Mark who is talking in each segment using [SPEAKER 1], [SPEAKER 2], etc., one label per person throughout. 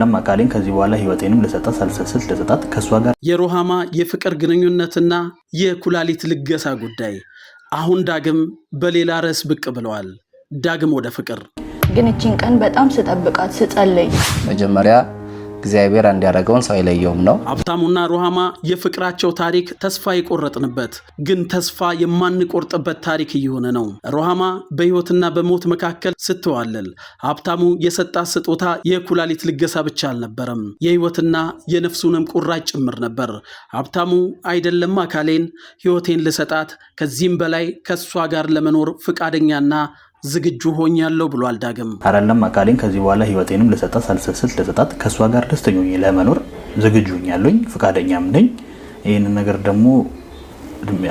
[SPEAKER 1] ለም አካሌን ከዚህ በኋላ ህይወቴንም ልሰጣት ሳልሰስት ልሰጣት ከእሷ ጋር
[SPEAKER 2] የሮሃማ የፍቅር ግንኙነትና የኩላሊት ልገሳ ጉዳይ አሁን ዳግም በሌላ ርዕስ ብቅ ብለዋል። ዳግም ወደ ፍቅር
[SPEAKER 3] ግን ቀን በጣም ስጠብቃት ስጸለይ
[SPEAKER 4] መጀመሪያ እግዚአብሔር እንዲያደረገውን ሰው አይለየውም ነው።
[SPEAKER 2] ሀብታሙና ሩሃማ የፍቅራቸው ታሪክ ተስፋ የቆረጥንበት ግን ተስፋ የማንቆርጥበት ታሪክ እየሆነ ነው። ሩሃማ በህይወትና በሞት መካከል ስትዋለል፣ ሀብታሙ የሰጣት ስጦታ የኩላሊት ልገሳ ብቻ አልነበረም፣ የህይወትና የነፍሱንም ቁራጭ ጭምር ነበር። ሀብታሙ አይደለም አካሌን ህይወቴን ልሰጣት ከዚህም በላይ ከእሷ ጋር ለመኖር ፍቃደኛና ዝግጁ ሆኛለሁ ብሏል። ዳግም
[SPEAKER 4] አራለም አካሌን ከዚህ በኋላ ህይወቴንም ልሰጣት ሳልሰስት ልሰጣት ከእሷ ጋር ደስተኛ ሆኜ ለመኖር ዝግጁ ሆኛለሁኝ፣ ፍቃደኛም ነኝ። ይህንን ነገር ደግሞ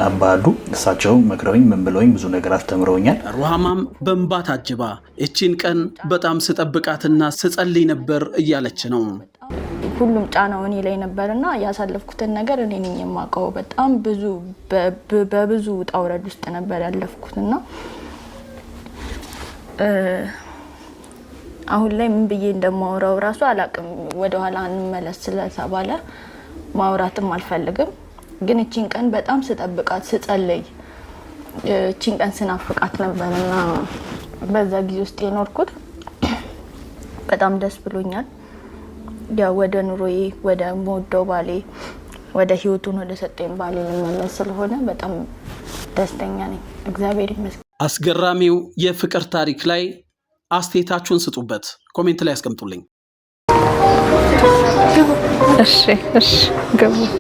[SPEAKER 4] አባዱ እሳቸው መክረውኝ ምን ብለውኝ ብዙ ነገር አስተምረውኛል።
[SPEAKER 2] ሩሃማም በእንባ ታጅባ እቺን ቀን በጣም ስጠብቃትና ስጸልይ ነበር እያለች ነው።
[SPEAKER 5] ሁሉም ጫናው እኔ ላይ ነበርና ያሳለፍኩትን ነገር እኔ ነኝ የማውቀው። በጣም ብዙ በብዙ ውጣ ውረድ ውስጥ ነበር ያለፍኩትና አሁን ላይ ምን ብዬ እንደማወራው ራሱ አላቅም። ወደኋላ እንመለስ ስለተባለ ማውራትም አልፈልግም። ግን እቺን ቀን በጣም ስጠብቃት ስጸለይ እቺን ቀን ስናፍቃት ነበር በዛ ጊዜ ውስጥ የኖርኩት በጣም ደስ ብሎኛል። ያው ወደ ኑሮዬ ወደ መወደው ባሌ ወደ ህይወቱን ወደ ሰጠኝ ባሌ ልመለስ ስለሆነ በጣም ደስተኛ ነኝ። እግዚአብሔር
[SPEAKER 2] ይመስገን። አስገራሚው የፍቅር ታሪክ ላይ አስተያየታችሁን ስጡበት፣ ኮሜንት ላይ አስቀምጡልኝ። እሺ እሺ ገቡ